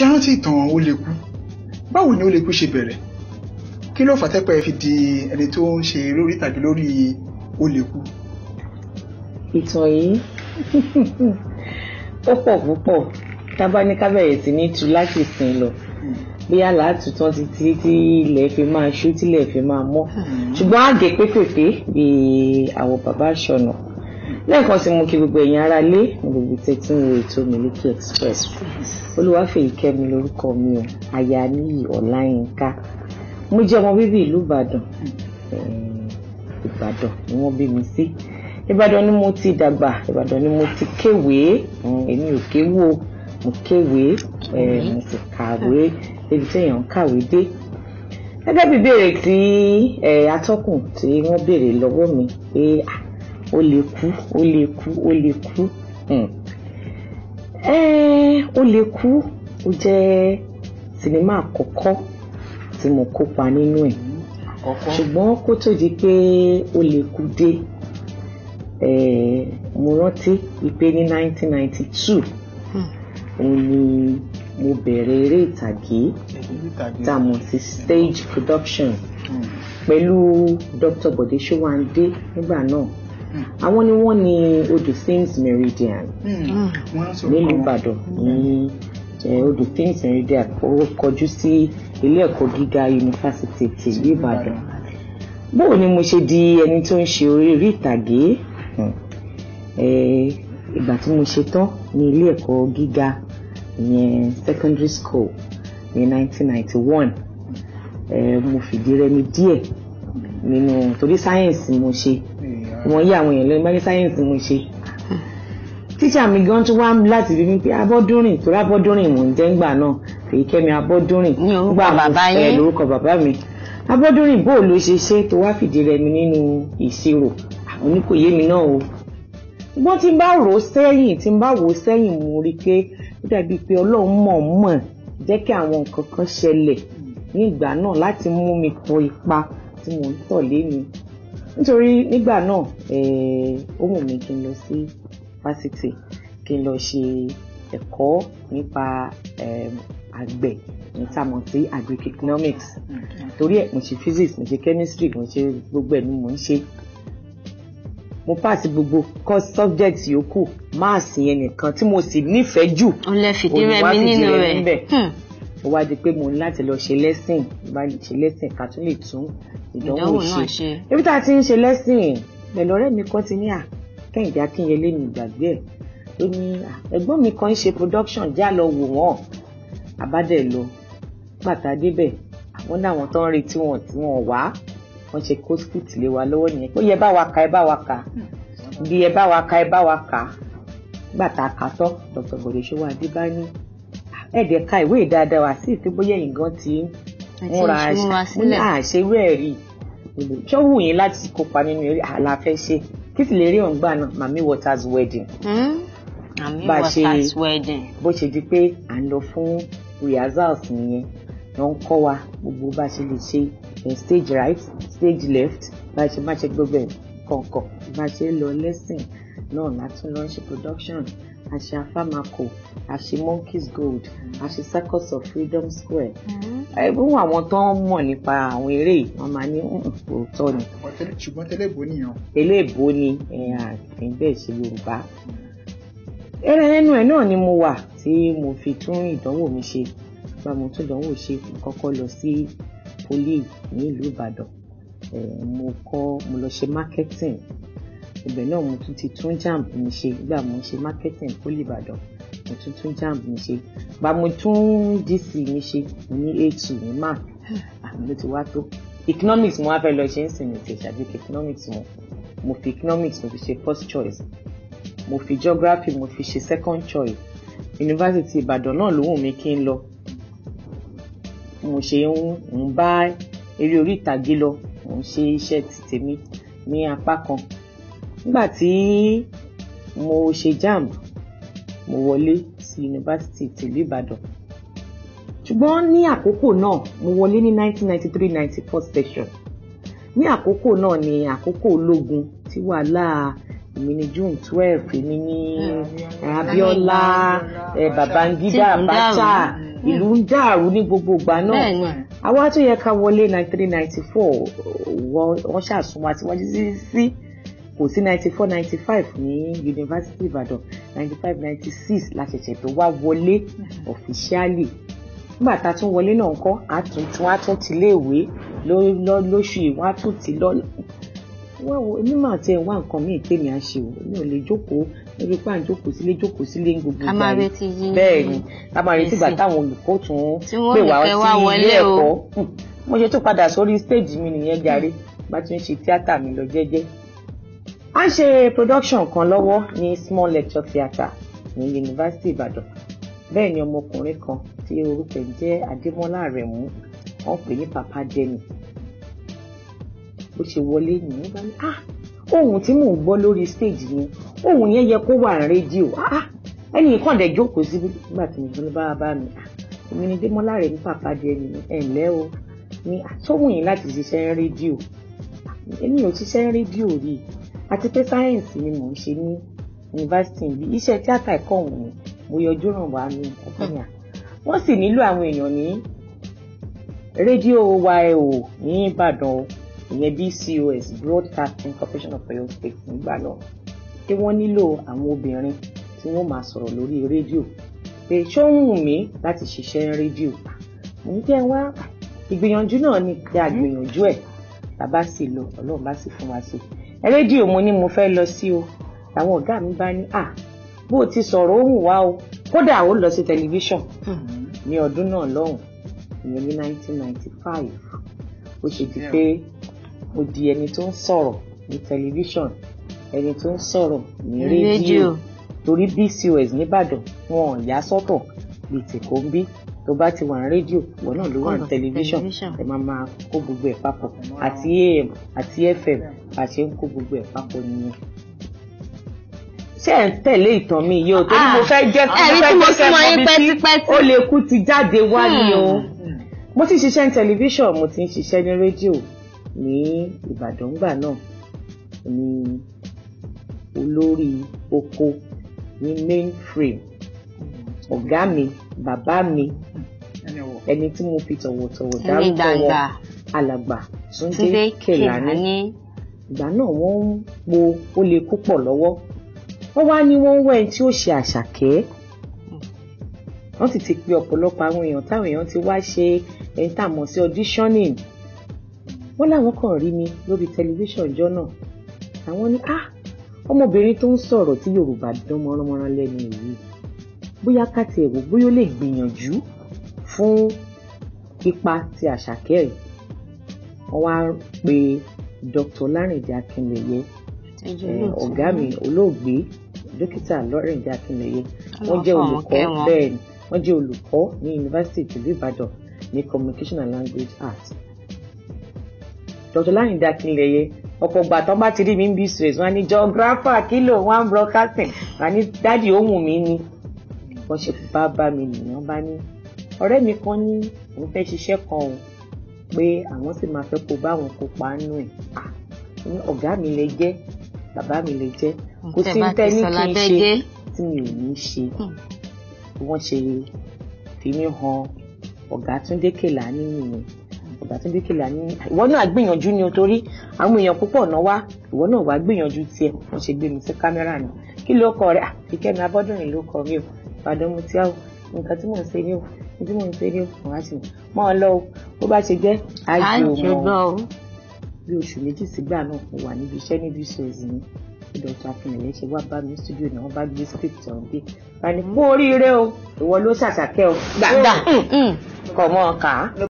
ṣe rántí ìtàn ó lè kú báwo ni ó lè kú ṣe bẹ̀rẹ̀ kí ló fàtẹ́pẹ́ fi di ẹni tó ń ṣe lórí tàbí lórí ó lè kú. ìtàn yìí ó pọ̀ púpọ̀ tá a bá ní ká sí ní tu láti sìn lọ hmm. bóyá láti tán títí tí ilẹ̀ fi máa ṣú tílẹ̀ fi máa mọ́ hmm. ṣùgbọ́n àgè pépèpé bí àwọn bàbá ṣọ̀nà lẹ́ẹ̀kan sí mo kí gbogbo ẹ̀yin ará lé gbogbo tẹ́tí wo ètò Miliki Express Olúwafẹ́yìkẹ́mi lórúkọ mi o aya níyì Ọláyínká mo jẹ́ ọmọ bíbí ìlú Ìbàdàn Ìbàdàn ni wọ́n bí mi sí Ìbàdàn ni mo ti dàgbà Ìbàdàn ni mo ti kéwèé èmi ò kéwò mo kéwèé mo sì kàwé débi téèyàn ń kàwé dé gẹ́gẹ́ bí béèrè tí atọ́kùn tí wọ́n béèrè lọ́wọ́ mi pé ó lè kú ó lè kú ó lè kú hmm. eh, ó lè kú ó jẹ́ sinimá àkọ́kọ́ tí mo kópa nínú ẹ̀ ṣùgbọ́n kó tó di pé ó lè kú dé eh, mo rántí ìpè ní 1992 hmm. òun ni mo bẹ̀rẹ̀ eré ìtàgé tá a mọ̀ sí stage production hmm. pẹ̀lú Dr. Bọ̀dé Ṣówándé nígbà náà Hmm. àwọn ni wọ́n ní odò Thames Meridian hmm. hmm. nílùú Ìbàdàn odò Thames Meridian ó kọjú sí ilé ẹ̀kọ́ gíga yunifásitì tìlú Ìbàdàn bóò ni mo ṣe di ẹni tó ń ṣe orí ìtàgé ìgbà tí mo ṣe tán ní ilé ẹ̀kọ́ gíga ìyẹn secondary school ní 1991 mo fìdí rẹmi díẹ̀ nínú torí sáyẹ̀nsì mo ṣe wọ́n yí àwọn èèyàn lẹ́nu bá ní sáyẹ́ǹsì mo ṣe tíṣà mi gan tún wá láti rí mi pé abọ́dúnrìn torí abọ́dúnrìn mò ń jẹ́ ńgbà náà Fèyíkẹ́mi abọ́dúnrìn gbà mí lórúkọ bàbá mi abọ́dúnrìn bó ló ṣe ṣe tó wá fìdí rẹmi nínú ìṣirò àwọn oníkòyé mi náà o ṣùgbọ́n tí n bá rò sẹ́yìn tí bá wò sẹ́yìn mo rí pé ó dàbí pé ọlọ́run mọ̀ mọ̀ jẹ́ kí àwọn nǹkan kan ṣẹlẹ̀ ní ìgbà náà láti mú mi kọ ipa tí mò ń tọ̀ lé mi nítorí nígbà náà eh, ó wù mí kí n lọ sí fásitì kí n lọ ṣe ẹ̀kọ́ nípa ehm, àgbẹ̀ ní tàmọ̀ sí agric-economics torí ẹ̀ mo ṣe physics mo ṣe chemistry mo ṣe gbogbo ẹ̀ ni mo ń ṣe mo pass gbogbo course subject yòókù máàsì yẹn nìkan tí mo sì nífẹ̀ẹ́ jù olùwàfíjì rẹ̀ níbẹ̀ hmm ó wá di pé mo ní láti lọ ṣe lẹ́sìn bá ṣe lẹ́sìn ká tún lè tún ìdánwò ṣe ibi tá a ti ń ṣe lẹ́sìn pẹ̀lú ọ̀rẹ́ mi kan ti ní à kẹ́hìndé akínyẹlé mi ìgbàgbé ẹ̀ ó ní ẹ̀gbọ́n mi kan ń ṣe production já lọ wò wọ́n àbádẹ́ lọ pàtà débẹ̀ àwọn náwọn tó ń retí wọn tí wọn wá wọn ṣe kó lé wa lọ́wọ́ nìyẹn ó yẹ bá wa ka ẹ bá wa ka bí ẹ bá wa ka ẹ bá wa ka gbàtà kàtọ́ dr gòdèṣe adébáyé ẹ̀dẹ̀ ka ìwé ìdáadáa wá sí ìtúbóyè nǹkan ti múra sílẹ̀ àṣewé ẹ̀rí ṣé ó wù yín láti kópa nínú eré àlàfẹ́ ṣe kí sì lè rí òǹgbà náà mami waters wedding. mami hmm? waters wedding. bó ṣe di pé à ń lọ fún rehearsals nìyẹn ló ń kọ́ wa gbogbo bá ṣe lè ṣe stage right stage left bá ṣe má ṣe gbogbo ẹ̀ kọ̀ọ̀kan bá ṣe lọ lesson náà látún lọ production and she and Famako she Monkeys Gold and she Circus of Freedom Square. Ẹ̀bùn mm-hmm. àwọn tó ń mọ̀ nípa àwọn eré yìí wọ́n máa ní hmm, òótọ́ ni. Ṣùgbọ́n tẹ́lẹ̀bó ni yàn. Tẹ́lẹ̀bó ni àti bẹ́ẹ̀ ṣe Yorùbá. Eré nínú ẹ̀ náà ni mo wà tí mo fi tún ìdánwò mi ṣe. Bá mo tún ìdánwò ṣe kọ́kọ́ lọ sí poli ní ìlú Ìbàdàn. Mo kọ́ mo lọ ṣe marketing ibẹ̀ náà mo tún ti tún jamb mi ṣe nígbà mo ṣe marketing poli ìbàdàn mo tún tún jamb mi ṣe gba mo tún dc mi ṣe ní a2 ní mark ah, àmì ló ti wá tó economics mo wá fẹ́ lọ ṣe ń sìn mi ti economics mo mo fi economics mo fi ṣe first choice mo fi geography mo fi ṣe second choice University ìbàdàn náà ló wù mí kí n lọ mo ṣe ń bá eré orí ìtàgé lọ mo ń ṣe iṣẹ́ tèmi ní apá kan nígbà tí mo ṣe jamb mo wọlé sí yunifásitì tìlú ìbàdàn ṣùgbọ́n ní àkókò náà mo wọlé ní 1993-94 session. ní àkókò náà ni àkókò ológun tí wàhálà èmi ni june twelve èmi ni abiola babangida abacha hmm. ìlú ń dàrú ní gbogbo ìgbà náà àwa tó yẹ ká wọlé 93-94 wọ́n ṣàsùnwọ̀n sí sí kò sí ninety four ninety five ní yunifásitì ìbàdàn ninety five ninety six la tó wá wọlé ọ̀fíṣíálì nígbà tá a tún wọlé náà kọ́ àtúntún àtún ti lóṣù ìwọ̀n àtún ti lọ́la wá wo èmi máa tẹ wá nǹkan míì tèmi à ń ṣe o mi ò lè jókòó níbi pa ń sílé jókòó sílé gbogbo ìgbà yìí bẹ́ẹ̀ ni a máa retí ìgbà táwọn olùkọ́ tún pè wá sí ilé ẹ̀kọ́ mo ṣe tún padà sórí stage mi nìyẹn jàre bá tún ṣe tíátà mi lọ jẹ́jẹ́ a ṣe production kan lọ́wọ́ ní small lecture theatre ní yunifásitì ìbàdàn bẹ́ẹ̀ ni ọmọkùnrin kan tí orúkọ ẹ̀ jẹ́ adémọ́lá àrẹ̀mú wọ́n pè ní papa jenny ó ṣe wọlé yìí wọ́n bá ní ah ohun tí mò ń gbọ́ lórí stage yẹn ohun yẹn yẹ kó wà rédíò ah, ah ẹnì kan dẹ̀ jókòó síbi nígbà tí mo gbọ́ ló bá bá mi ah, èmi ni démọ́lá rẹ̀ ní papa jenny ẹ̀ ǹlẹ́ o ní àtọ́wò yín láti ṣiṣẹ́ rédíò ah, èmi ò ṣiṣẹ́ rédíò rí i àti pé sáyẹ̀nsì ni mò ń ṣe ní yunifásitì ìbí iṣẹ́ tíátà ẹ̀kọ́ ọ̀hún ni mo yọjú ràn wá ní ọ̀pẹ̀yà wọ́n sì nílò àwọn èèyàn ní rédíò wa ẹ̀ ò ní Ìbàdàn o ìyẹn BCOS Broadcasting Corporation of Oyo State nígbà náà pé wọ́n nílò àwọn obìnrin tí wọ́n máa sọ̀rọ̀ lórí rédíò pé ṣó ń wù mí láti ṣiṣẹ́ rédíò mo ń jẹ́ wá ìgbìyànjú náà ni pé a gbìyànjú ẹ̀ bàbá sì lọ ọlọ́run bá sì fún wa sí i rédíò mo ní mo fẹ́ lọ sí o làwọn ọ̀gá mi bá ní à bó o ti sọ̀rọ̀ ó hùn wá o kódà ó lọ sí tẹlifíṣàn hmm. ní ọdún náà lọ́hùn ìyẹn ní 1995 ó ṣe di pé mo di ẹni tó ń sọ̀rọ̀ ní tẹlifíṣàn ẹni tó ń sọ̀rọ̀ ní rédíò torí BCOS nìbàdàn wọn ò yà sọ́tọ̀ bíi tèkó ń bí tó bá ti wà ní rédíò wọn náà ló wà ní tẹlifíṣàn ẹ máa máa kó gbogbo ẹ̀ papọ̀ àti am àti fm àṣẹ ń kó gbogbo ẹ̀ papọ̀ nìyẹn ṣé ẹ ń tẹ̀lé ìtàn mi yìí o torí mo ah. fẹ́ jẹ́ kí mo fẹ́ jẹ́ kí mo bí tí ó lè kú ti jáde wá ni o hmm. mo ti ṣiṣẹ́ ní tẹlifíṣàn mo ti ń ṣiṣẹ́ ní rédíò ní Ìbàdàn gbà náà ní olórí oko ní mainframe ọ̀gá mi. Mm -hmm bàbá mi ẹni tí mo fi tọ̀wọ̀tọ̀wọ̀ dárúkọ wọn alàgbà Túndé Kèlání ìgbà náà wọ́n ń po ó lè púpọ̀ lọ́wọ́ wọ́n wá ní wọ́n ń wá ẹni tí ó ṣe àṣàkẹ́ wọ́n sì ti pe ọ̀pọ̀lọpọ̀ àwọn èèyàn táwọn èèyàn ti wá ṣe ẹni tá a mọ̀ sí auditioning wọ́n láwọn kàn rí mi lórí tẹlifíṣàn ọjọ́ náà àwọn ní ah ọmọbìnrin tó ń sọ̀rọ̀ tí Yorùbá dán mọ́ránmọ́rán lẹ́nu yìí bóyá ká tiẹ̀ wò bóyá ó lè gbìyànjú fún ipa ti àṣàkẹ́ yìí wọ́n wá pe dr lárìndé akínlẹ̀yẹ ọ̀gá mi olóògbé dókítà lárìndé akínlẹ̀yẹ wọ́n jẹ́ olùkọ́ bẹ́ẹ̀ ni wọ́n jẹ́ olùkọ́ ní yunifásitì ìtìlú ìbàdàn ní communication and language arts dr lárìndé akínlẹ̀yẹ ọ̀pọ̀ ìgbà tán bá ti rí mi ń bí stress wọn á geographer kí ló broadcasting wọn á ní dáàdi ó ni kan ṣe bá bá mi nìyẹn bá ní ọ̀rẹ́ mi kan ní òun fẹ́ ṣiṣẹ́ kan o pé àwọn sì máa fẹ́ kó bá àwọn kópa nù ẹ̀ ní ọ̀gá mi lè jẹ́ bàbá mi lè jẹ́ kò sí tẹ́ ní kí n ṣe tí mi ò ní ṣe hmm. wọ́n ṣe fi mí han ọ̀gá Túndé Kèlání nìyẹn ọ̀gá Túndé Kèlání ìwọ náà gbìyànjú ni o torí àwọn èèyàn púpọ̀ náà wá ìwọ náà wá gbìyànjú tiẹ̀ wọ́n ṣe gbé mi sí kámẹ́rà náà kí ló kọ rẹ̀ Àfikẹ́mi Abọ́dúnrin ló kọ mí o pàdé mo ti àwọ̀ nǹkan tí mò ń ṣe ní o nǹkan tí mò ń ṣe ní o wọ́n á sì mọ́ ọ lọ o bó bá ṣe jẹ́ àìjọ mọ́ ọ bí oṣù méjì sígbà náà mo wà níbi iṣẹ́ níbi ṣòwò mi dr akinlẹ̀yẹ ṣe wá bá mi studio náà wọ́n bá gbé script ọ̀hún dé wọ́n kú oríire o ìwọ ló ṣàṣàkẹ́ o gbàgbà kọ̀ mọ́ ọ kà á.